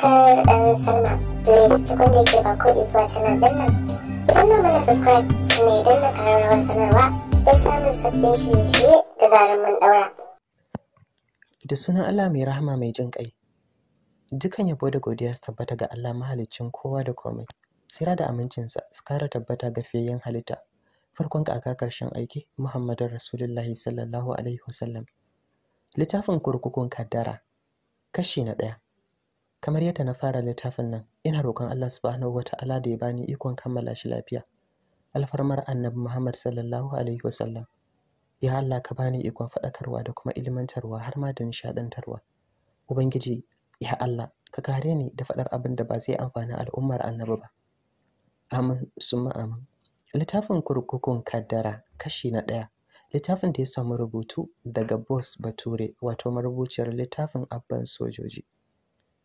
subscribe and sign up. Please tukun da yake ba ko zuwa canal din nan. Ki danna mana subscribe sannan idan na kararrawar sanarwa don samun sabbin shirye-shirye da zarar mun daura. Da sunan Allah mai rahama mai jin ƙai. Dukan yabo da godiya su tabbata ga Allah mahaliccin kowa da komai. Sira da amincinsa su kara tabbata ga fiyayyen halitta. Farkon kaka karshen aiki Muhammadun Rasulullahi sallallahu alaihi wasallam. Littafin kurkukun kaddara kashi na ɗaya. kamar yadda na fara littafin nan ina roƙon Allah subhanahu wata'ala da ya bani ikon kammala shi lafiya alfarmar annabi Muhammad sallallahu alaihi wasallam ya Allah ka bani ikon faɗakarwa da kuma ilmantarwa har ma da nishaɗantarwa ubangiji ya Allah ka kare ni da faɗar abin da ba zai amfani al'ummar annabi ba amin summa amin littafin kurkukun kaddara kashi na ɗaya littafin da ya samu rubutu daga Bos Bature wato marubuciyar littafin Abban Sojoji.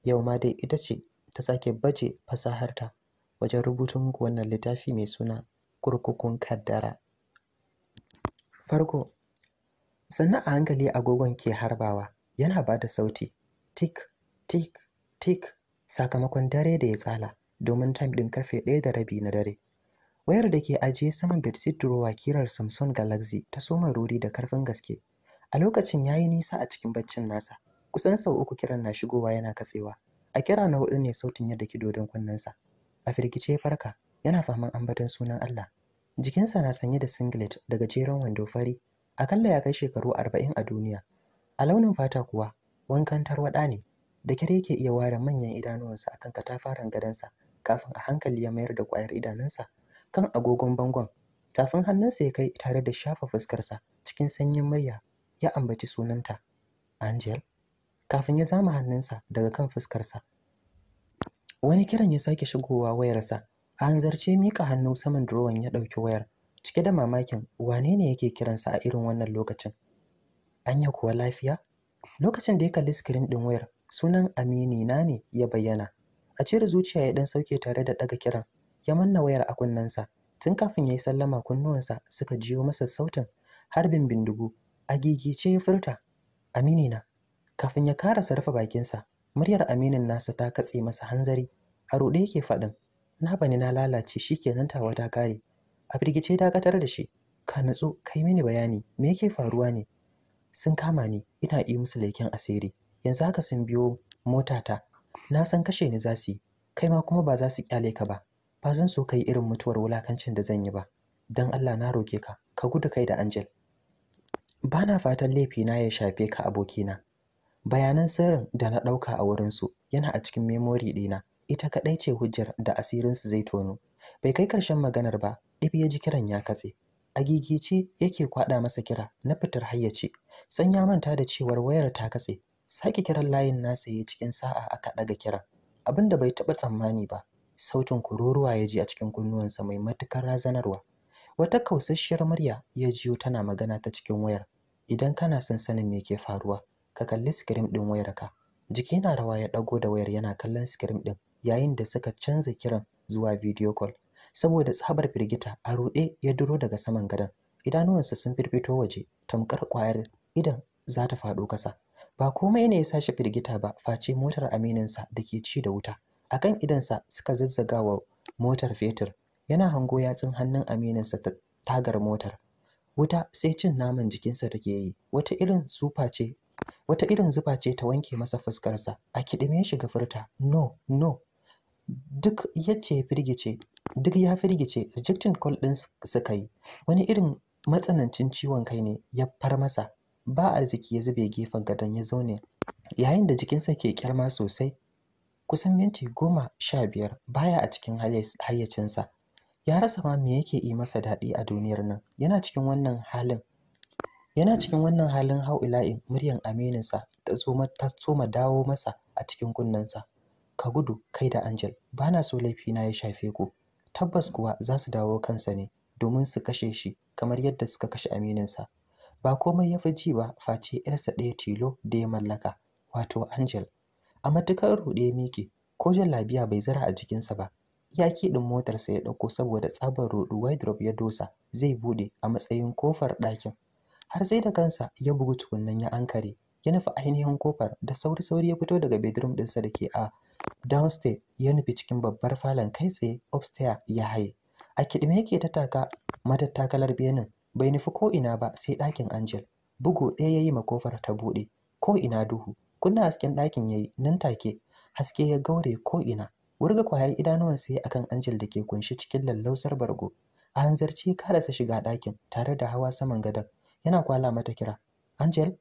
yau ma dai ita ce ta sake baje fasaharta wajen rubutun muku wannan littafi mai suna kurkukun kaddara farko sannan a hankali agogon ke harbawa yana ba da sauti tik tik tik sakamakon dare da ya tsala domin time ɗin karfe ɗaya da rabi na dare wayar da ke ajiye saman bedsheet drawer kirar samsung galaxy ta soma ruri da karfin gaske a lokacin ya yi nisa a cikin baccin nasa Kusan sau uku kiran na shigowa yana katsewa. A kira na hudu ne sautin yadda daki dodon kunnensa. A firgice farka, yana faman ambaton sunan Allah. Jikinsa na sanye da singlet da gajeren wando fari, akalla ya kai shekaru arba'in a duniya. A launin fata kuwa, wankan tarwaɗa ne, da kyar yake iya ware manyan idanuwansa akan katafaren gadonsa kafin a hankali ya mayar da kwayar idanunsa kan agogon bangon. Tafin hannunsa ya kai tare da shafa fuskarsa cikin sanyin murya ya ambaci sunanta. Angel? kafin ya zama hannunsa daga kan fuskarsa wani kiran ya sake shigowa wayarsa a hanzarce mika hannu saman durowan ya ɗauki wayar cike da mamakin wane ne yake kiransa a irin wannan lokacin anya kuwa lafiya lokacin da ya kalli sikirin ɗin wayar sunan amini na ne ya bayyana a cire zuciya ya ɗan sauke tare da ɗaga kiran ya manna wayar a kunnensa tun kafin ya yi sallama kunnuwansa suka jiyo masa sautin harbin bindigu a gigice ya furta amini na kafin ya karasa rufe bakinsa muryar aminin nasa ta katse masa hanzari a ruɗe yake faɗin na bani na lalace Shi nan tawa ta kare a firgice dakatar da shi ka natsu kai mini bayani me yake faruwa ne sun kama ni ina yi musu leken asiri yanzu haka sun biyo motata na san kashe ni za su yi kai ma kuma ba za su kyale ka ba ba zan so kai irin mutuwar wulakancin da zan yi ba dan Allah na roke ka ka gudu kai da Angel Bana fatan laifi na ya shafe ka abokina bayanan sirrin da na ɗauka a wurinsu yana a cikin memori ɗina ita kaɗai ce hujjar da asirinsu zai tono bai kai ƙarshen maganar ba ɗib ya ji kiran ya katse a gigice yake kwaɗa masa kira na fitar hayyace san ya manta da cewar wayar ta katse sake kiran layin nasa ya cikin sa'a aka ɗaga kiran abin da bai taɓa tsammani ba sautin kururuwa ya ji a cikin kunnuwansa mai matukar razanarwa wata kausasshiyar murya ya jiyo tana magana ta cikin wayar idan kana son sanin me ke faruwa ka kalli sikirim ɗin wayarka jiki na rawa ya ɗago da wayar yana kallon screen ɗin yayin da suka canza kiran zuwa video call saboda tsabar firgita a ruɗe ya duro daga saman gadon idanuwansa sun firfito waje tamkar ƙwayar idan za ta faɗo kasa ba komai ne ya sashi firgita ba face motar amininsa da ke ci da wuta akan idansa suka zazzaga wa motar fetur yana hango yatsun hannun amininsa ta tagar motar wuta sai cin naman jikinsa take yi wata irin sufa ce wata irin zuba ce ta wanke masa fuskarsa a kiɗime shi ga furta no no duk ya firgice duk ya firgice rejectin call ɗin suka yi wani irin matsanancin ciwon kai ne ya far masa ba arziki ya zube gefen gadon ya zaune yayin da jikinsa ke kyarma sosai kusan minti goma sha biyar baya a cikin hayyacinsa ya rasa ma me yake yi masa daɗi a duniyar nan yana cikin wannan halin Yana cikin wannan halin hau ila'in muryar amininsa ta tsoma dawo masa a cikin kunnensa. Ka gudu kai da Angel, ba na so na ya shafe ku. Tabbas kuwa za su dawo kansa ne domin su kashe shi kamar yadda suka kashe amininsa. Ba komai ya fi ji ba face 'yarsa ɗaya tilo da ya mallaka, wato Angel. A matukar ruɗe miki, ko labiya bai zira a jikinsa ba. Ya kiɗin motarsa ya ɗauko saboda tsabar wide wardrobe ya dosa zai buɗe a matsayin kofar ɗakin. har sai da kansa ya bugu tukunnan ya ankare ya nufi ainihin kofar da sauri-sauri ya fito daga bedroom ɗinsa da ke a downstairs ya nufi cikin babbar falon kai tsaye upstairs ya haye a kiɗime yake ta taka matattakalar benin bai nufi ko ina ba sai ɗakin angel bugu ɗaya ya yi kofar ta buɗe ko ina duhu kunna hasken ɗakin ya yi nan take haske ya gaure ko ina wurga kwayar idanuwan sai akan angel da ke kunshi cikin lallausar bargo a hanzarci ya karasa shiga ɗakin tare da hawa saman gadon yana kwala mata kira angel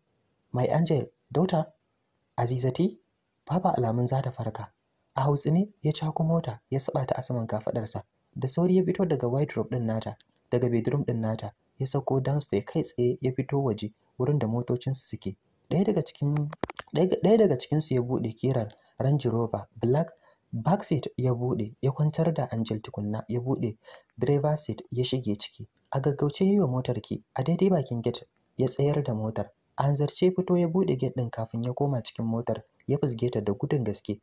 mai angel dauta azizati babu alamun za ta farka a hausa ne ya cako mota ya saba ta asaman kafadarsa da sauri ya fito daga white room din nata daga bedroom din nata ya sauko downstairs kai tsaye ya fito waje wurin da motocinsu suke ɗaya daga cikin ɗaya daga cikinsu ya bude kirar range rover black back ya buɗe ya kwantar da angel tukunna ya buɗe driver seat ya shige ciki a gaggauce yi wa motar ki a daidai bakin gate ya tsayar da motar a hanzarce fito ya bude gate din kafin ya koma cikin motar ya fusge ta da gudun gaske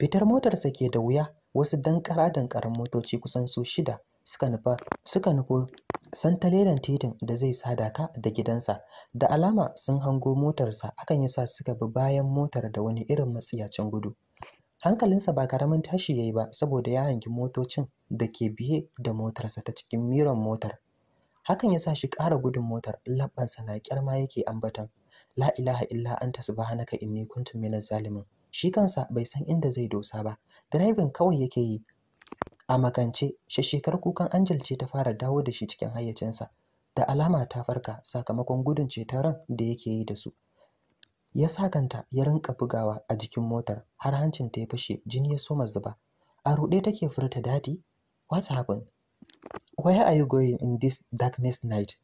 fitar motarsa ke da wuya wasu dankara dankaran motoci kusan su shida suka nufa suka nufo santalelan titin da zai sadaka da gidansa da alama sun hango motarsa akan yasa suka bi bayan motar da wani irin matsiyacin gudu hankalinsa ba karamin tashi ya yi ba saboda ya hangi motocin da ke biye da motarsa ta cikin miron motar hakan ya sa shi ƙara gudun motar labbansa na kyarma yake ambatan la ilaha illa anta subhanaka inni kuntu minaz zalimin shi kansa bai san inda zai dosa ba driving kawai yake yi a makance shekar kukan angel ce ta fara dawo da shi cikin hayyacinsa da alama ta farka sakamakon gudun ceton da yake yi da su ya sakanta ya rinka bugawa a jikin motar har hancin ta ya fashe jini ya soma zuba a ruɗe take furta dadi what's happened where are you going in this darkness night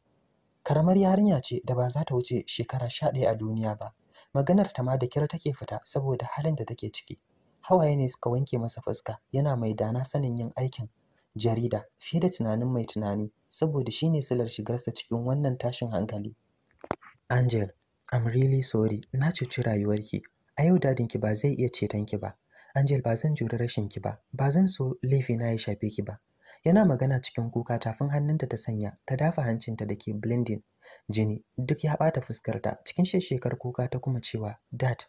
karamar yarinya ce da ba za ta wuce shekara sha ɗaya a duniya ba maganar ta ma da kira take fita saboda halin da take ciki hawaye ne suka wanke masa fuska yana mai dana sanin yin aikin jarida fiye da tunanin mai tunani saboda shine silar shigarsa cikin wannan tashin hankali angel I'm really sorry, na cuci rayuwarki. A yau dadinki ba zai iya ceton ki ba. Angel ba zan juri rashin ki ba, ba zan so laifi na ya shafe ki ba. Yana magana cikin kuka tafin hannunta ta sanya, ta dafa hancinta da ke blending. Jini duk ya ɓata fuskarta cikin shekar kuka ta kuma cewa, Dad,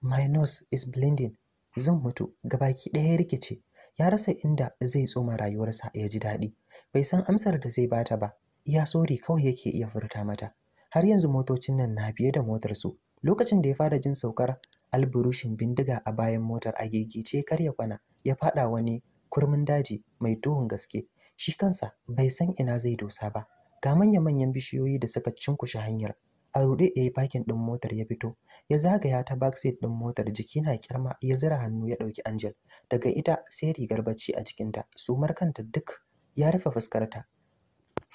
my nose is blending. Zan mutu, gabaki ɗaya ya rikice. Ya rasa inda zai tsoma rayuwarsa ya ji daɗi. Bai san amsar da zai bata ba, Ya sori kawai yake iya furta mata. har yanzu motocin nan na biye da motar su lokacin da ya fara jin saukar alburushin bindiga a bayan motar a gigice ya kwana ya fada wani kurmin daji mai duhun gaske shi kansa bai san ina zai dosa ba ga manya-manyan bishiyoyi da suka cinkushe hanyar a ruɗe ya yi bakin ɗin motar ya fito ya zagaya ta backseat ɗin motar jiki na kirma ya zira hannu ya ɗauki angel daga ita sai rigar bacci a jikinta sumar kanta duk ya rufe fuskarta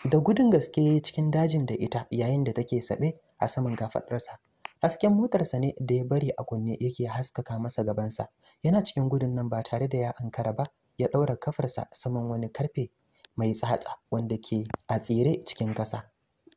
da gudun gaske cikin dajin da ita yayin da take saɓe a saman gafadarsa, hasken motarsa ne da ya bari a kunne yake haskaka masa gabansa yana cikin gudun nan ba tare da ya ankara ba ya ɗaura kafarsa saman wani karfe mai tsatsa wanda ke a tsere cikin ƙasa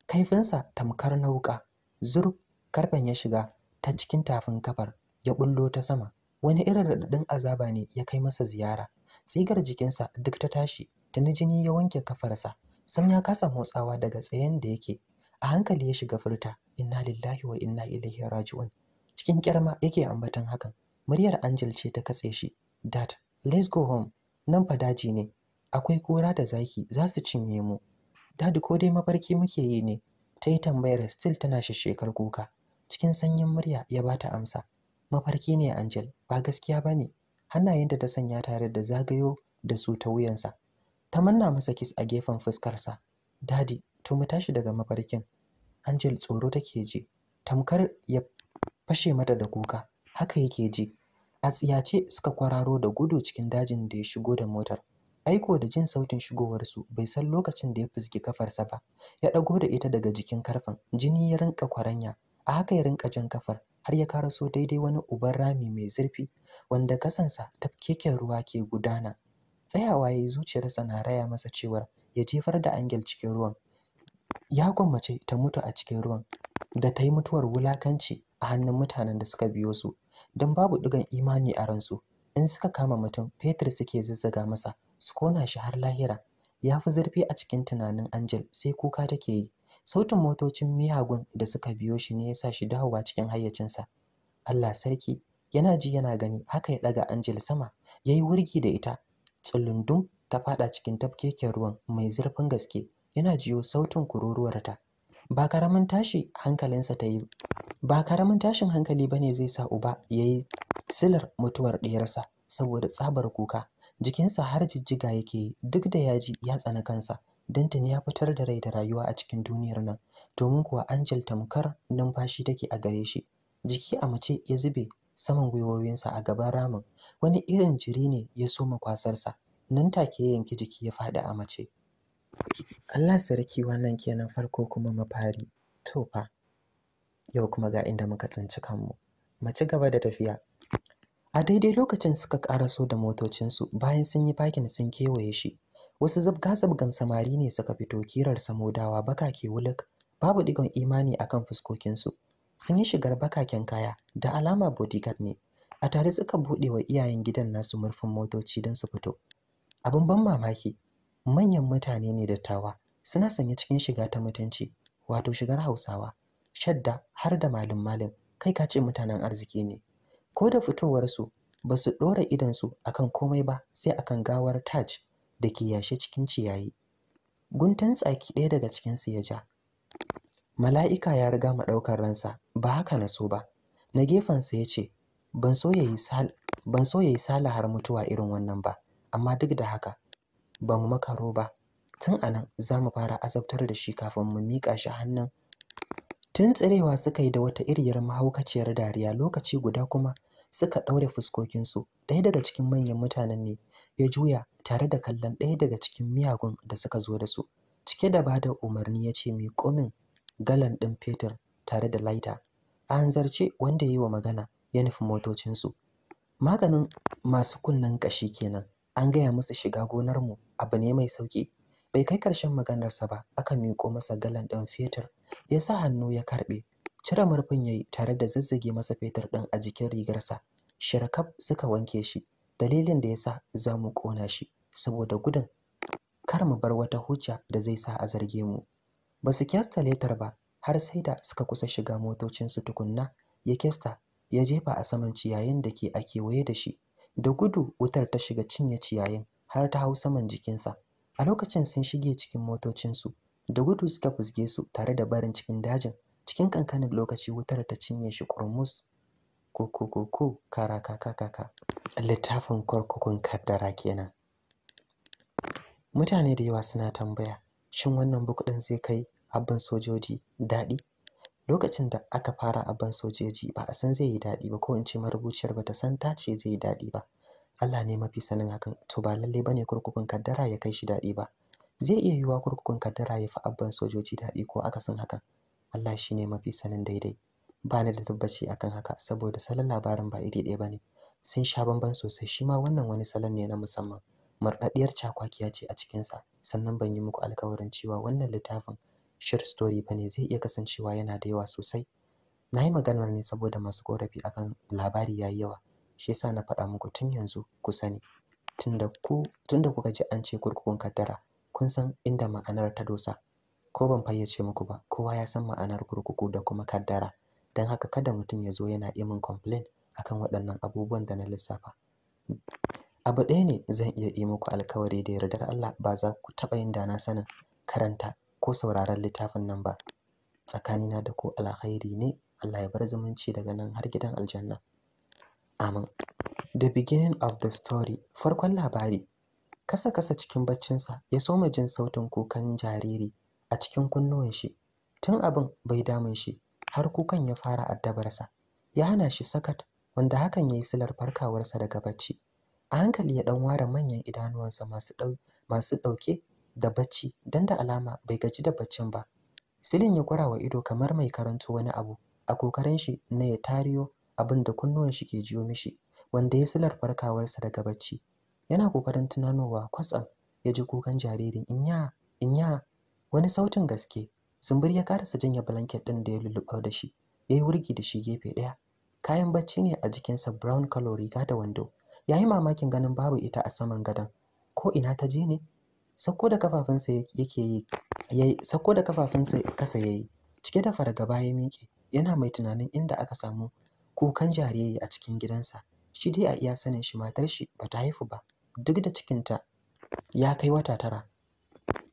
kaifinsa tamkar na wuƙa zur karfen ya shiga ta cikin tafin kafar ya bullo ta sama wani irin raɗaɗin azaba ne ya kai masa ziyara tsigar jikinsa duk ta tashi tuni jini ya wanke kafarsa sam ya kasa motsawa daga tsayen da yake a hankali ya shiga furta inna lillahi wa inna ilaihi raji'un cikin kirma yake ambatan hakan muryar angel ce ta katse shi dad let's go home nan fa daji ne akwai kura da zaki za su cinye mu dad ko dai mafarki muke yi ne ta yi tambayar still tana shisshekar kuka cikin sanyin murya ya bata amsa mafarki ne angel ba gaskiya ba ne hannayenta ta sanya tare da zagayo da su ta wuyansa ta manna masa kis a gefen fuskarsa dadi to mu tashi daga mafarkin angel tsoro take ji tamkar ya fashe mata da kuka haka yake ji a tsiyace suka kwararo da gudu cikin dajin da ya shigo da motar aiko da jin sautin shigowarsu bai san lokacin da ya fizgi kafarsa ba ya ɗago da ita daga jikin karfan, jini ya rinka kwaranya a haka ya rinka jan kafar har ya karaso daidai wani uban rami mai zurfi wanda kasansa tafkeken ruwa ke gudana tsayawa ya yi zuciyarsa na raya masa cewar ya jefar da angel cikin ruwan ya gwammace ta mutu a cikin ruwan da ta yi mutuwar wulakanci a hannun mutanen da suka biyo su don babu ɗigan imani a ransu in suka kama mutum fetur suke zazzaga masa su kona shi har lahira ya fi zurfi a cikin tunanin angel sai kuka take yi sautin motocin miyagun da suka biyo shi ne ya sa shi dawowa cikin hayyacinsa allah sarki yana ji yana gani haka ya ɗaga angel sama ya yi wurgi da ita tsulundum ta fada cikin tafkeken ruwan mai zurfin gaske yana jiyo sautin kururuwarta ba karamin tashi hankalinsa ta yi ba karamin tashin hankali ba ne zai sa uba ya yi silar mutuwar ɗiyarsa saboda tsabar kuka jikinsa har jijjiga yake yi duk da ya ji ya tsana kansa Danton ya fitar da rai da rayuwa a cikin duniyar nan domin kuwa Angel tamkar numfashi take a gare shi jiki a mace ya zube saman gwiwowinsa a gaban ramin wani irin jiri ne ya soma kwasarsa nan take ya yanki jiki ya faɗi a mace Allah sarki wannan kenan farko kuma mafari to fa yau kuma ga inda muka tsinci kanmu mace gaba da tafiya a daidai lokacin suka karaso da motocinsu bayan sun yi fakin sun kewaye shi wasu zabga-zabgan samari ne suka fito kirar samodawa ke wulak babu digon imani akan fuskokinsu sun yi shigar bakaken kaya da alama bodyguard ne a tare suka buɗe wa iyayen gidan nasu murfin motoci don su fito abin ban mamaki manyan mutane ne dattawa suna sanye cikin shiga ta mutunci wato shigar hausawa shadda har da malin malin kai ka ce mutanen arziki ne ko da fitowarsu ba su ɗora idonsu akan komai ba sai akan gawar taj da ke yashe cikin ciyayi guntun tsaki ɗaya daga cikinsu ya ja mala'ika ya riga ma ɗaukar ransa ba haka na so ba na gefensa ya ce ban so ya yi sala har mutuwa irin wannan ba amma duk da haka ba mu makaro ba tun a nan za mu fara azabtar da shi kafin mu miƙa shi hannun tun tsirewa suka yi da wata iriyar mahaukaciyar dariya lokaci guda kuma suka ɗaure fuskokinsu ɗaya daga cikin manyan mutanen ne ya juya tare da kallon ɗaya daga cikin miyagun da suka zo da su cike da ba da umarni ya ce mai komin galan ɗin fetur tare da laita a hanzarce wanda ya yi wa magana ya nufi motocinsu maganin masu kunnen ƙashi kenan an gaya musu shiga gonarmu abu ne mai sauƙi bai kai ƙarshen maganarsa ba aka miƙo masa galan ɗin fetur ya sa hannu ya karɓe cire murfin ya yi tare da zazzage masa fetur ɗin a jikin rigarsa shirkaf suka wanke shi dalilin da ya sa za mu ƙona shi saboda gudun kar mu bar wata hujja da zai sa a zarge mu ba su kyasta letar ba har sai da suka kusa shiga motocinsu tukunna ya kyasta ya jefa a saman ciyayin da ke a kewaye da shi da gudu wutar ta shiga cinye ciyayin har ta hau saman jikinsa a lokacin sun shige cikin motocinsu da gudu suka fusge su tare da barin cikin dajin cikin kankanin lokaci wutar ta cinye shi kurmus kokokoko kara kaka kaka littafin kurkukun kaddara kenan mutane da yawa suna tambaya shin wannan buku ɗin zai kai abin sojoji daɗi lokacin da aka fara abin sojoji ba a san zai yi daɗi ba ko in ce marubuciyar ba ta san ta ce zai yi daɗi ba Allah ne mafi sanin hakan to ba lalle bane kurkukun kaddara ya kai shi daɗi ba zai iya yiwuwa kurkukun kaddara ya fi abban sojoji daɗi ko aka san hakan Allah shi ne mafi sanin daidai ba ni da tabbaci akan haka saboda salon labarin ba iri ɗaya ba ne. sun sha bamban sosai shi ma wannan wani salon ne na musamman marɗaɗɗiyar cakwakiya ce a cikinsa sannan ban yi muku alkawarin cewa wannan littafin short story ne zai iya kasancewa yana da yawa sosai na yi maganar ne saboda masu korafi akan labari ya yi yawa shi yasa na faɗa muku tun yanzu ku sani tunda kuka ji an ce kurkukun kaddara kun san inda ma'anar ta dosa ko ban fayyace muku ba kowa ya san ma'anar kurkuku da kuma kaddara don haka kada mutum ya zo yana min complain akan waɗannan abubuwan da na lissafa abu ɗaya ne zan iya yi muku alkawari da yardar Allah ba za ku taɓa yin dana sanin karanta ko sauraron littafin nan ba tsakanina da ku alkhairi ne Allah ya bar zumunci daga nan har gidan aljanna amin the beginning of the story farkon labari kasa kasa cikin baccinsa ya soma jin sautin kukan jariri a cikin kunnuwan shi tun abin bai damun shi har kukan ya fara addabarsa ya hana shi sakat wanda hakan ya yi silar farkawarsa daga bacci a hankali ya ɗan ware manyan idanuwansa masu ɗauke da bacci don da alama bai gaji da baccin ba silin ya kurawa ido kamar mai karanto wani abu a kokarin shi na ya tariyo abin da kunnuwan shi ke jiyo mishi wanda ya silar farkawarsa daga bacci yana kokarin tunanowa kwatsam ya ji kukan jaririn inya inya wani sautin gaske zumbir ya karasa janye blanket din da ya lulluɓa da shi ya yi wurgi da shi gefe ɗaya kayan bacci ne a jikinsa brown color riga da wando ya yi mamakin ganin babu ita a saman gadon ko ina ta je ne sauko da kafafunsa yake yi yayi cike da fargaba ya miƙe yana mai tunanin inda aka samu kukan jariri a cikin gidansa shi dai a iya sanin shi matar shi ba ta haifu ba duk da cikinta ya kai wata tara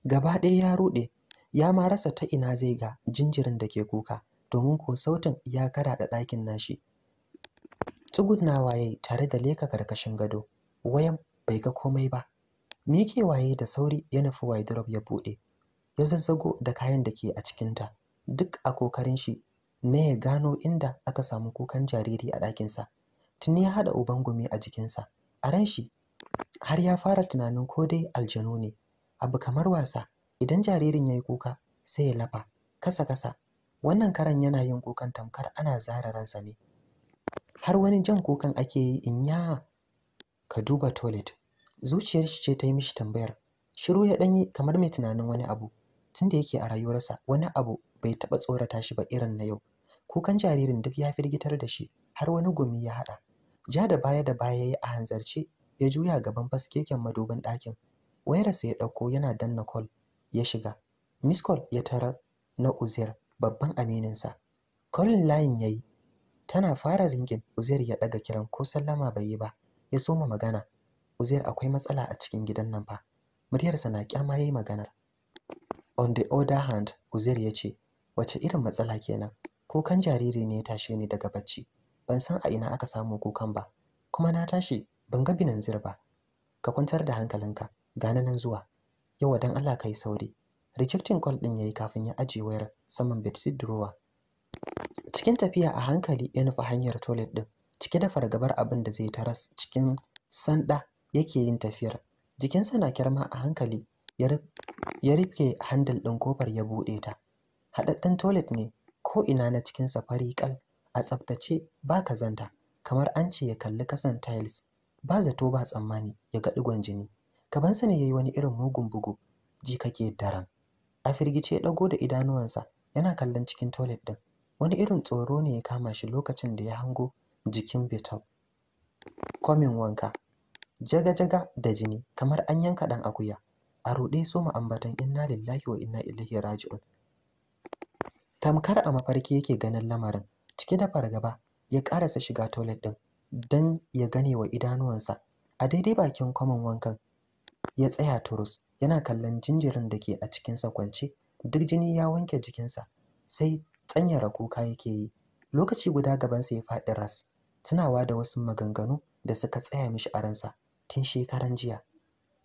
gaba ɗaya ya ruɗe ya ma rasa ta ina zai ga jinjirin da ke kuka domin ko sautin ya karaɗa ɗakin nashi Tsugunna waye tare da leka karkashin gado wayan bai ga komai ba miƙe waye da sauri ya nufi wardrobe ya buɗe ya zazzago da kayan da ke a cikinta duk a kokarin shi na ya gano inda aka samu kukan jariri a ɗakinsa tuni ya haɗa uban gumi a jikinsa a ran shi har ya fara tunanin ko dai aljanu ne abu kamar wasa idan jaririn ya yi kuka sai ya lafa kasa kasa wannan karan yana yin kukan tamkar ana zara ransa ne har wani jan kukan ake yi in ya ka duba toilet zuciyar shi ce ta yi mishi tambayar shiru ya ɗanyi kamar mai tunanin wani abu tunda yake a rayuwarsa wani abu bai taɓa tsorata shi ba irin na yau kukan jaririn duk ya firgitar da shi har wani gumi ya haɗa ja da baya da baya ya yi a hanzarce ya juya gaban faskeken madubin ɗakin wayarsa ya ɗauko yana danna call ya shiga miss call ya tarar na uzair babban amininsa kolin layin ya yi tana fara ringin uzair ya daga kiran ko sallama bai yi ba ya soma magana uzair akwai matsala a cikin gidan nan fa muryarsa na kyarma yayi maganar on the other hand uzair ya ce wace irin matsala kenan kukan jariri ne ya tashe ni daga bacci ban san a ina aka samu kukan ba kuma na tashi ban ga zir ba ka kwantar da hankalinka gana nan zuwa yawa dan Allah kai sauri rejecting call din yayi kafin ya ajiye wayar saman bedside drawer cikin tafiya a hankali ya nufi hanyar toilet ɗin cike da fargabar abin da zai taras cikin sanda yake yin tafiyar jikinsa na kirma a hankali ya rufe handle ɗin kofar ya buɗe ta haɗaɗɗen toilet ne ko ina na cikin safari kal a tsaftace ba kazanta kamar an ce ya kalli kasan tiles ba zato ba tsammani ya ga ɗigon jini gabansa ne ya yi wani irin mugun bugu ji kake daram a firgice ya ɗago da idanuwansa yana kallon cikin toilet ɗin wani irin tsoro ne ya kama shi lokacin da ya hango jikin Betop komin wanka jaga-jaga da jini kamar an yanka ɗan akuya a ruɗe su mu ambatan inna lillahi wa inna ilaihi raji'un tamkar a mafarki yake ganin lamarin cike da fargaba ya ƙarasa shiga toilet ɗin don ya gane wa idanuwansa a daidai bakin kwamin wankan ya tsaya turus yana kallon jinjirin da ke a cikinsa kwance duk jini ya wanke jikinsa sai tsanyara kuka yake yi lokaci guda gaban sa ya faɗi ras tunawa da wasu maganganu da suka tsaya mishi a ransa tun shekaran jiya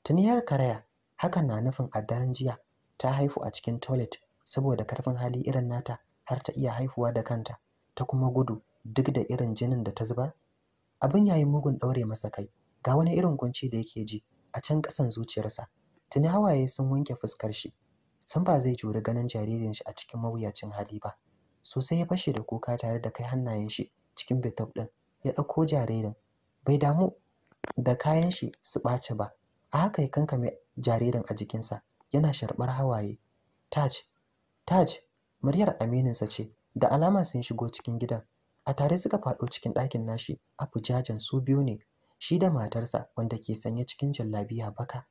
tuniyar karaya hakan na nufin a daren jiya ta haifu a cikin toilet saboda karfin hali irin nata har ta iya haifuwa da kanta ta kuma gudu duk da irin jinin da ta zubar abin yayin mugun ɗaure masa kai ga wani irin kunci da yake ji a can ƙasan zuciyarsa tuni hawaye sun wanke fuskar shi san ba zai juri ganin jaririn shi a cikin mawuyacin hali ba sosai ya fashe da kuka tare da kai hannayen shi cikin bitab ɗin ya ɗauko jaririn bai damu da kayan shi su ɓace ba a haka ya kankame jaririn a jikinsa yana sharɓar hawaye taj taj muryar amininsa ce da alama sun shigo cikin gidan a tare suka faɗo cikin ɗakin nashi a fujajen su biyu ne shi da matarsa wanda ke sanye cikin jallabiya baka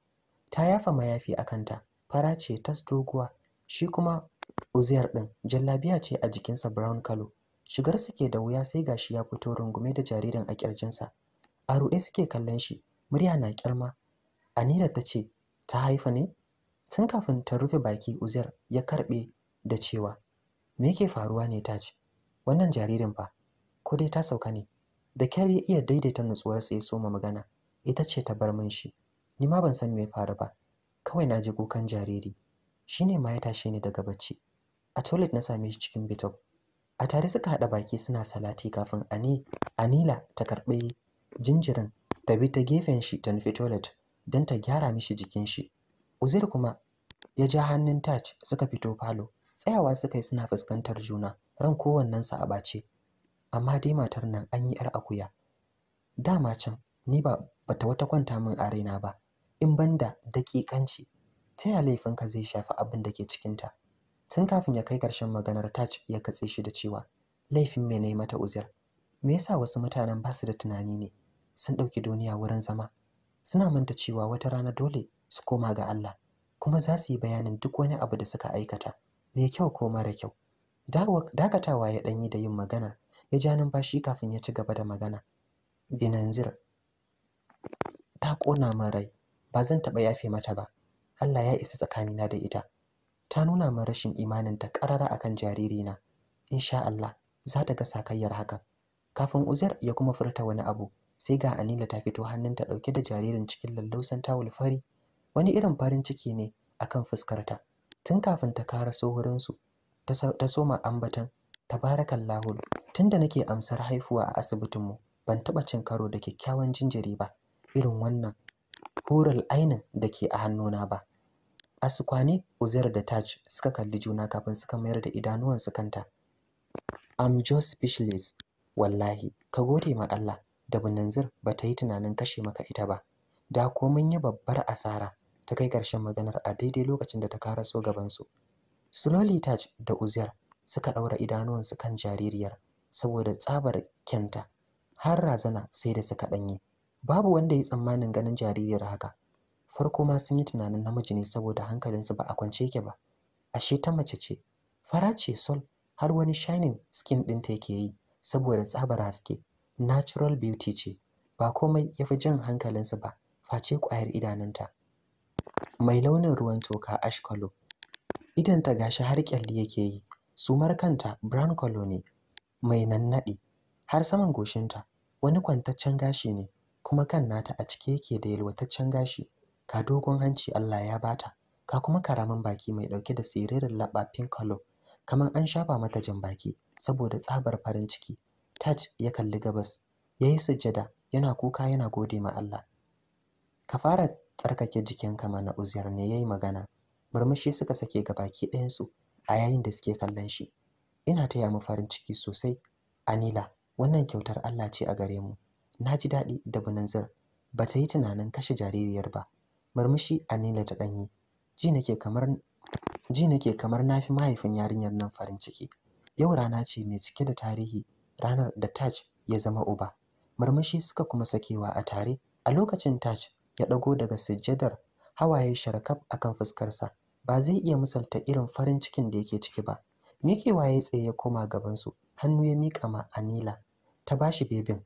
ta yafa mayafi a kanta fara ce tas doguwa shi kuma Uziyar ɗin jallabiya ce a jikinsa brown kalo. Shigar suke da wuya sai gashi ya fito rungume da jaririn a ƙirjinsa. A ruɗe suke kallon shi, murya na ƙirma. Anila ta ce, ta haifa ne? Tun kafin ta rufe baki uziyar ya karɓe da cewa, me yake faruwa ne ta ce, Wannan jaririn fa, ko dai ta sauka ne? Da kyar ya iya daidaita nutsuwarsa ya soma magana, ita ce ta bar min shi. Ni ma ban san me ya faru ba, kawai na ji kukan jariri. Shi ne ma ya tashe ne daga bacci. a toilet na same shi cikin bitop a tare suka haɗa baki suna salati kafin ani anila ta karɓi jinjirin ta bi ta gefen shi ta nufi toilet don ta gyara mishi jikin shi uzair kuma ya ja hannun taj suka fito falo tsayawa suka yi suna fuskantar juna ran sa a bace. amma dai matar nan an yi 'yar akuya dama can ni ba bata wata kwanta min a raina ba in banda daƙiƙanci. ta ya ka zai shafi abin da ke cikinta tun kafin ya kai ƙarshen maganar taj ya katse shi da cewa laifin me yi mata uzir me yasa wasu mutanen ba su da tunani ne sun ɗauki duniya wurin zama suna manta cewa wata rana dole su koma ga Allah kuma za su yi bayanin duk wani abu da suka aikata mai kyau ko mara kyau dakatawa ya ɗanyi da yin magana ya ja numfashi kafin ya ci gaba da magana binanzir ta ƙona min rai ba zan taɓa yafe mata ba Allah ya isa tsakanina da ita ta nuna min rashin imanin imaninta ƙarara akan jaririna insha Allah za ta ga sakayyar hakan kafin Uzair ya kuma furta wani abu sai ga Anila ta fito hannunta ɗauke da jaririn cikin lallausan tawul fari wani irin farin ciki ne akan fuskarta tun kafin ta kara so wurinsu ta soma ambatan tabarakallahu tunda nake amsar haifuwa a asibitinmu ban taɓa cin karo da kyakkyawan jinjiri ba irin wannan hurar ainin da ke a hannuna ba a kwane Uzair da Taj suka kalli juna kafin suka mayar da idanuwansu kanta. I'm just speechless. Wallahi, ka gode ma Allah da Bunanzir ba ta yi tunanin kashe maka ita ba. Da ko mun yi babbar asara ta kai ƙarshen maganar a daidai lokacin da ta so kara gaban su? Slowly Taj da Uzair suka ɗaura idanuwansu kan jaririyar saboda tsabar kyanta har razana sai da suka ɗanye. Babu wanda ya tsammanin ganin jaririyar haka. farko ma sun yi tunanin namiji ne saboda hankalinsu ba a kwance yake ba ashe ta mace ce fara ce sol har wani shining skin ɗinta yake yi saboda tsabar haske natural beauty ce ba komai ya fi jan hankalinsu ba face kwayar idanunta mai launin ruwan toka ash color idanta gashi har kyalli yake yi sumar kanta brown color ne mai nannaɗi har saman goshinta wani kwantaccen gashi ne kuma kan nata a cike yake da yalwataccen gashi ka dogon hanci Allah ya bata ka kuma karamin baki mai ɗauke da siririn labafin kalo kamar an shafa mata jan baki saboda tsabar farin ciki Taj ya kalli gabas ya yi sujjada yana kuka yana gode ma Allah ka fara tsarkake jikinka mana uziyar ne yayi magana murmushi suka sake ga gabaki ɗayansu a yayin da suke kallon shi ina taya mu farin ciki sosai anila wannan kyautar Allah ce a gare mu na ji daɗi da bunanzar, ba ta yi tunanin kashe jaririyar ba murmushi a anila ta ɗanyi ji nake kamar kamar na fi mahaifin yarinyar nan farin ciki yau rana ce mai cike da tarihi ranar da taj ya zama uba murmushi suka kuma sakewa a tare a lokacin taj ya ɗago daga sujjadar hawaye sharkaf kan fuskarsa ba zai iya misalta irin farin cikin da yake ciki ba miƙewa ya tsaye ya koma gabansu hannu ya mika ma anila ta bashi bebin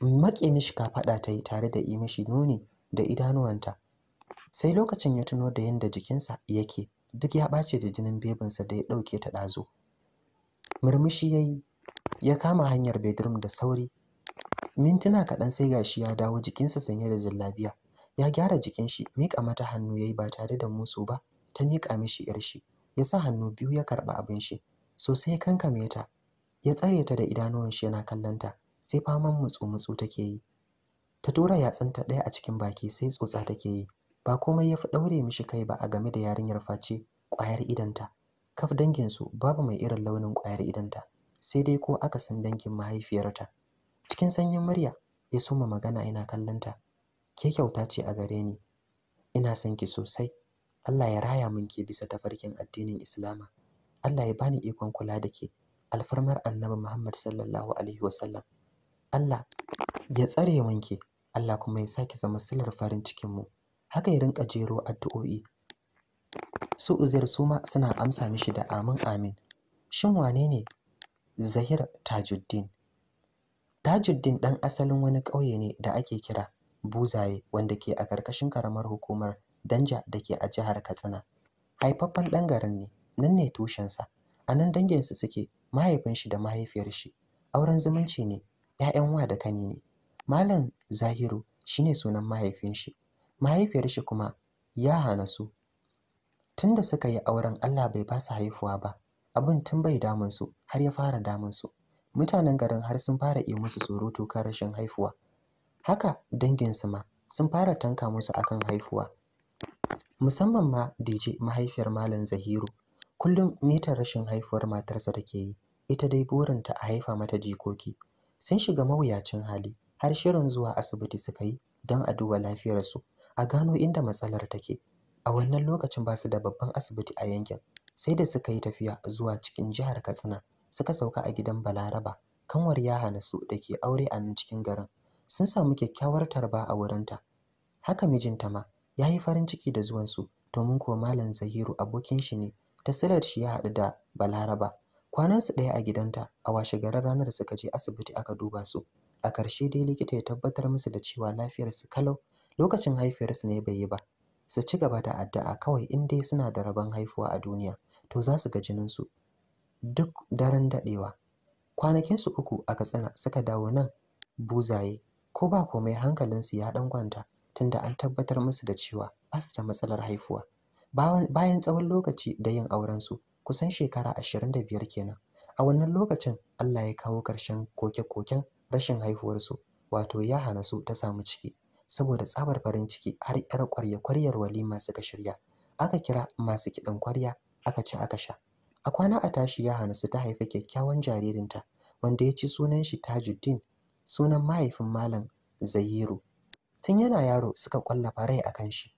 maƙe mishi kafaɗa ta yi tare da yi nuni da idanuwanta sai lokacin ya tuno da yadda jikinsa yake duk ya ɓace da jinin bebinsa da ya ɗauke ta ɗazu murmushi ya yi ya kama hanyar bedroom da sauri mintuna kaɗan sai gashi ya dawo jikinsa sanye da jallabiya ya gyara jikin shi miƙa mata hannu ya yi ba tare da musu ba ta miƙa mishi yar shi ya sa hannu biyu ya karɓa abin shi sosai kankame ta ya tsare ta da idanuwan shi yana kallon ta sai faman mutsu-mutsu take yi ta tura yatsunta ɗaya a cikin baki sai tsotsa take yi ba komai ya fi ɗaure mishi kai ba a game da yarinyar face ƙwayar idanta kaf danginsu babu mai irin launin ƙwayar idanta sai dai ko aka san dangin mahaifiyarta cikin sanyin murya ya suma magana yana kallonta ke kyauta ce a gare ni ina son ki sosai Allah ya raya min ke bisa tafarkin addinin Islama Allah ya bani ikon kula da ke alfarmar annabi Muhammad sallallahu alaihi wasallam Allah ya tsare wanke Allah kuma ya sake zama silar farin cikin mu haka ya rinka jero addu'o'i su uzair su ma suna amsa mishi da amin amin shin wane ne Zahir Tajuddin Tajuddin ɗan asalin wani ƙauye ne da ake kira Buzaye wanda ke a ƙarƙashin karamar hukumar Danja da ke a jihar Katsina haifaffen ɗan garin ne nan ne tushensa a nan danginsu suke Mahaifinshi da mahaifiyar shi auren zumunci ne ‘ya'yan wa da kani ne malam zahiru shi ne sunan mahaifin shi mahaifiyar shi kuma ya hana su tunda suka yi auren Allah bai ba su haifuwa ba abin tun bai damun su har ya fara damun su mutanen garin har sun fara yi musu surutu kan rashin haifuwa haka danginsu ma sun fara tanka musu akan haifuwa musamman ma DJ mahaifiyar Malam Zahiru kullum mitar rashin haifuwar matarsa take yi ita dai burinta a haifa mata jikoki sun shiga mawuyacin hali har shirin zuwa asibiti suka yi don a duba lafiyarsu a gano inda matsalar take a wannan lokacin ba su da babban asibiti a yankin sai da suka yi tafiya zuwa cikin jihar katsina suka sauka a gidan balaraba kanwar ya su da ke aure a nan cikin garin sun samu kyakkyawar tarba a wurinta haka mijinta ma ya yi farin ciki da zuwansu domin ko malam zahiru abokin shi ne ta silar shi ya haɗu da balaraba kwanansu ɗaya a gidanta a washe garin ranar suka je asibiti aka duba su a ƙarshe dai likita ya tabbatar musu da cewa lafiyarsu kalau lokacin haifiyarsu ne bai yi ba su ci gaba da addu'a kawai in dai suna da rabon haifuwa a duniya to za su ga su. duk daren daɗewa kwanakinsu uku a katsina suka dawo nan buzaye ko ba komai hankalinsu ya ɗan kwanta tunda an tabbatar musu da cewa ba su da matsalar haifuwa bayan tsawon lokaci da yin aurensu kusan shekara ashirin da biyar kenan a wannan lokacin Allah ya kawo ƙarshen koke-koken rashin haihuwarsu wato ya hana su ta samu ciki saboda tsabar farin ciki har 'yar kwarya-kwaryar walima suka shirya aka kira masu kiɗan kwarya aka ci aka sha a kwana a tashi ya hana su ta haifi kyakkyawan jaririnta wanda ya ci sunan shi Tajuddin sunan mahaifin malam zahiru tun yana yaro suka kwallafa rai kan shi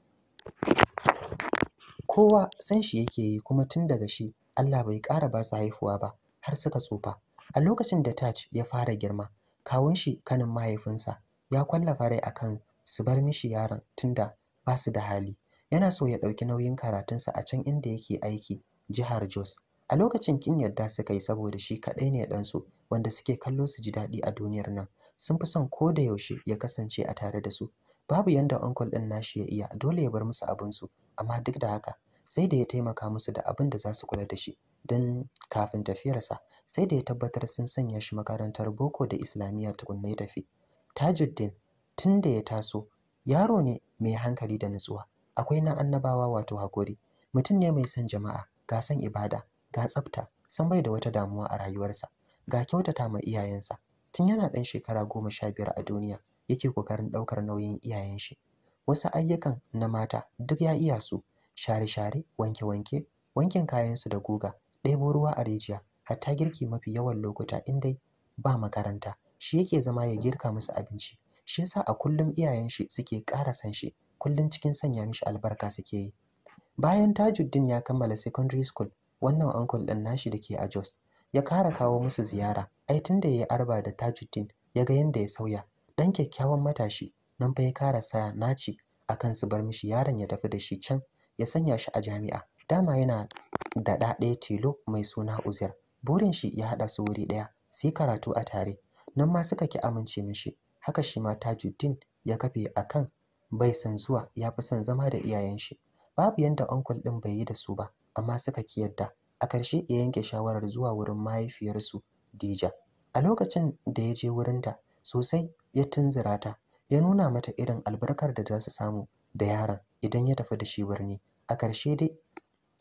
kowa san shi yake yi kuma tun daga shi Allah bai ƙara ba su haifuwa ba har suka tsufa. A lokacin da Taj ya fara girma, kawun shi kanin mahaifinsa ya kwallafa rai akan su bar mishi yaron tunda ba su da hali. Yana so ya ɗauki nauyin karatunsa a can inda yake aiki, jihar Jos. A lokacin kin yarda suka yi saboda shi kaɗai ne ɗansu wanda suke kallo su ji daɗi a duniyar nan. Sun fi son ko da yaushe ya kasance a tare da su. Babu yanda uncle ɗin nashi ya iya, dole ya bar musu abinsu, amma duk da haka sai da ya taimaka musu da abin da za su kula da shi don kafin tafiyarsa sai da ya tabbatar sun sanya shi makarantar boko da islamiyya tukunna ya tafi tajuddin tun da ya taso yaro ne mai hankali da nutsuwa akwai na annabawa wato hakuri mutum ne mai son jama'a ga son ibada ga tsafta san bai da wata damuwa a rayuwarsa ga kyautata ma iyayensa tun yana ɗan shekara goma sha biyar a duniya yake kokarin ɗaukar nauyin iyayen shi wasu ayyukan na mata duk ya iya su share-share wanke-wanke wankin kayansu da guga ɗebo ruwa a rijiya hatta girki mafi yawan lokuta in dai ba makaranta shi yake zama ya girka musu abinci shi sa a kullum iyayen shi suke ƙara san shi kullum cikin sanya mishi albarka suke yi bayan tajuddin ya kammala secondary school wannan uncle ɗin nashi da ke a jos ya kara kawo musu ziyara ai tun da ya yi arba da tajuddin ya ga yadda ya sauya ɗan kyakkyawan matashi nan fa ya kara sa naci akan su bar mishi yaron ya tafi da shi can ya sanya shi a jami'a dama yana da ɗa ɗaya tilo mai suna uzir. burin shi ya haɗa su wuri ɗaya su karatu a tare nan ma suka ki amince mishi haka shi ma tajuddin ya kafe a kan bai san zuwa ya fi son zama da iyayen shi babu yadda onkul ɗin bai yi da su ba amma suka ki yadda a ƙarshe ya yanke shawarar zuwa wurin mahaifiyarsu dija a lokacin da ya je wurinta sosai ya tunzura ta ya nuna mata irin albarkar da za su samu da yaron idan ya tafi da shi birni a ƙarshe dai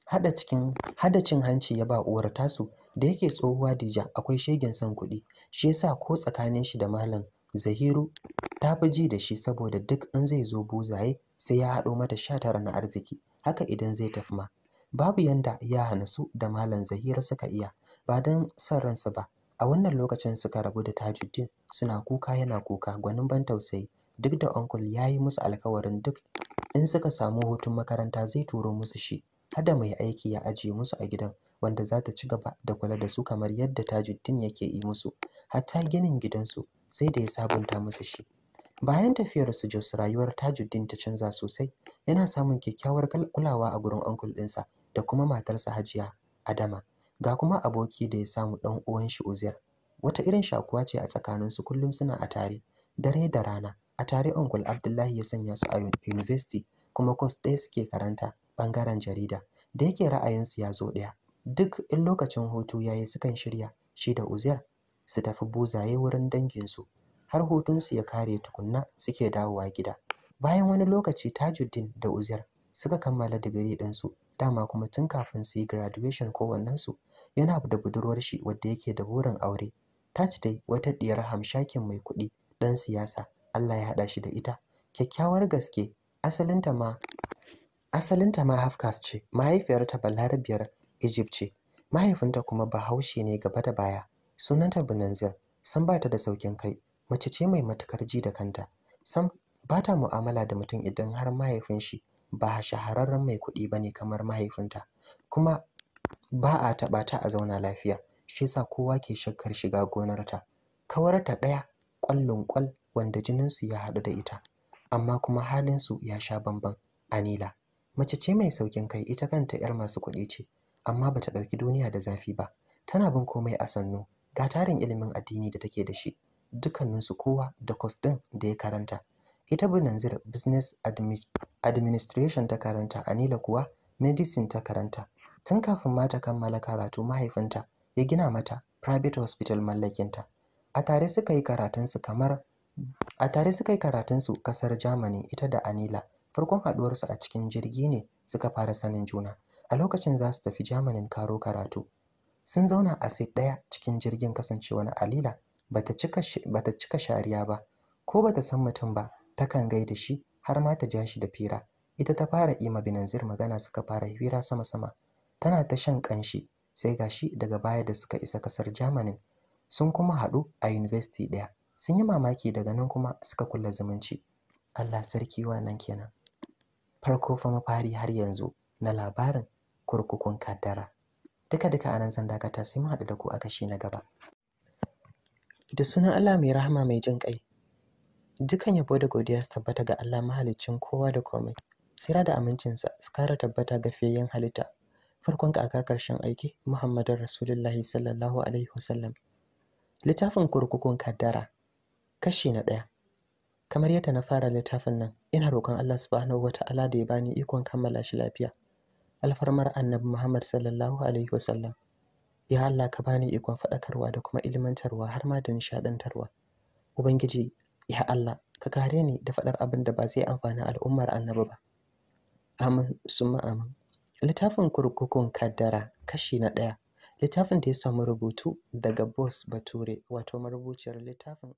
hada cikin hada cin hanci ya ba uwar tasu da yake tsohuwa Dija akwai shegen son kuɗi shi yasa ko tsakanin shi da malam Zahiru ta fi ji da shi saboda duk in zai zo buzaye sai ya haɗo mata sha tara na arziki haka idan zai tafi ma babu yanda ya hana su da malam Zahiru suka iya ba don son ransu ba a wannan lokacin suka rabu da Tajuddin suna kuka yana kuka gwanin ban tausayi duk da onkul ya yi musu alkawarin duk in suka samu hutun makaranta zai turo musu shi hada mai aiki ya ajiye musu a gidan wanda za ta ci gaba da kula da su kamar yadda tajuddin yake yi musu hatta ginin gidansu sai da ya sabunta musu shi bayan tafiyar su jos rayuwar tajuddin ta canza sosai yana samun kyakkyawar kulawa a gurin onkul ɗinsa da kuma matarsa hajiya adama ga kuma aboki da ya samu ɗan uwan shi uzair wata irin shakuwa ce a tsakaninsu kullum suna a tare dare da rana a tare uncle abdullahi ya sanya su a university kuma kwas ɗaya suke karanta ɓangaren jarida da yake ra'ayinsu ya zo ɗaya duk in lokacin hutu ya yi sukan shirya shi da uzair su tafi buzaye wurin danginsu har hutunsu ya kare tukunna suke dawowa gida bayan wani lokaci tajuddin da uzair suka kammala digiri ɗinsu dama kuma tun kafin su yi graduation kowannensu yana da budurwar shi wadda yake da burin aure taj dai wata ɗiyar hamshakin mai kuɗi ɗan siyasa Allah ya haɗa shi da ita kyakkyawar gaske asalinta ma ma hafkas ce mahaifiyarta balarabiyar egypt ce mahaifinta kuma bahaushe ne gaba da baya sunanta binanzir san ba ta da saukin kai mace ce mai matukar ji da kanta sam ba ta mu'amala da mutum idan har mahaifin shi ba shahararren mai kuɗi ba ne kamar mahaifinta kuma ba a taɓa ta a zauna lafiya shi yasa kowa ke shakkar shiga gonarta kawarta ɗaya ƙwallon ƙwal wanda jininsu ya haɗu da ita amma kuma halin su ya sha bamban anila mace ce mai saukin kai ita kanta yar masu kuɗi ce amma bata ɗauki duniya da zafi ba tana bin komai a sannu ga tarin ilimin addini da take da shi dukkaninsu kowa da kwas ɗin da ya karanta ita Binanzir business administration ta karanta anila kuwa medicine ta karanta tun kafin ma ta kammala karatu mahaifinta ya gina mata private hospital mallakinta a tare suka yi karatunsu kamar A tare suka yi karatunsu ƙasar Germany ita da Anila. Farkon haɗuwarsu a cikin jirgi ne suka fara sanin juna. A lokacin za su tafi Germany karo karatu. Sun zauna a sai ɗaya cikin jirgin kasancewa na Alila ba ta cika shariya ba, ko ba ta san mutum ba, ta takan gaida shi har ma ta ja shi da fira. Ita ta fara ima Binanzir magana suka fara hira sama-sama. Tana ta shan ƙanshi sai gashi daga baya da suka isa ƙasar Germany sun kuma haɗu a yunivasiti ɗaya. sun yi mamaki daga nan kuma suka kulla zumunci Allah sarki wannan kenan farko fa mafari har yanzu na labarin kurkukun kaddara duka duka a nan zan dakata sai mu haɗu da ku a kashi na gaba da sunan Allah mai rahama mai jin kai dukan yabo da godiya su tabbata ga Allah mahaliccin kowa da komai tsira da amincinsa su kara tabbata ga fiyayyen halitta farkon kaka karshen aiki Muhammadun Rasulullahi sallallahu alaihi wasallam littafin kurkukun kaddara Kashi na ɗaya. Kamar yadda na fara littafin nan, ina roƙon Allah subhanahu wa ta'ala da ya bani ikon kammala shi lafiya. Alfarmar Annabi Muhammad sallallahu alaihi wasallam. Ya Allah ka bani ikon faɗakarwa da kuma ilmantarwa har ma da nishaɗantarwa. Ubangiji, ya Allah, ka kare ni da faɗar abin da ba zai amfani al'ummar Annabi ba. Amin, summa amin. Littafin kurkukun kaddara kashi na ɗaya. Littafin da ya samu rubutu daga Bos Bature, wato marubuciyar littafin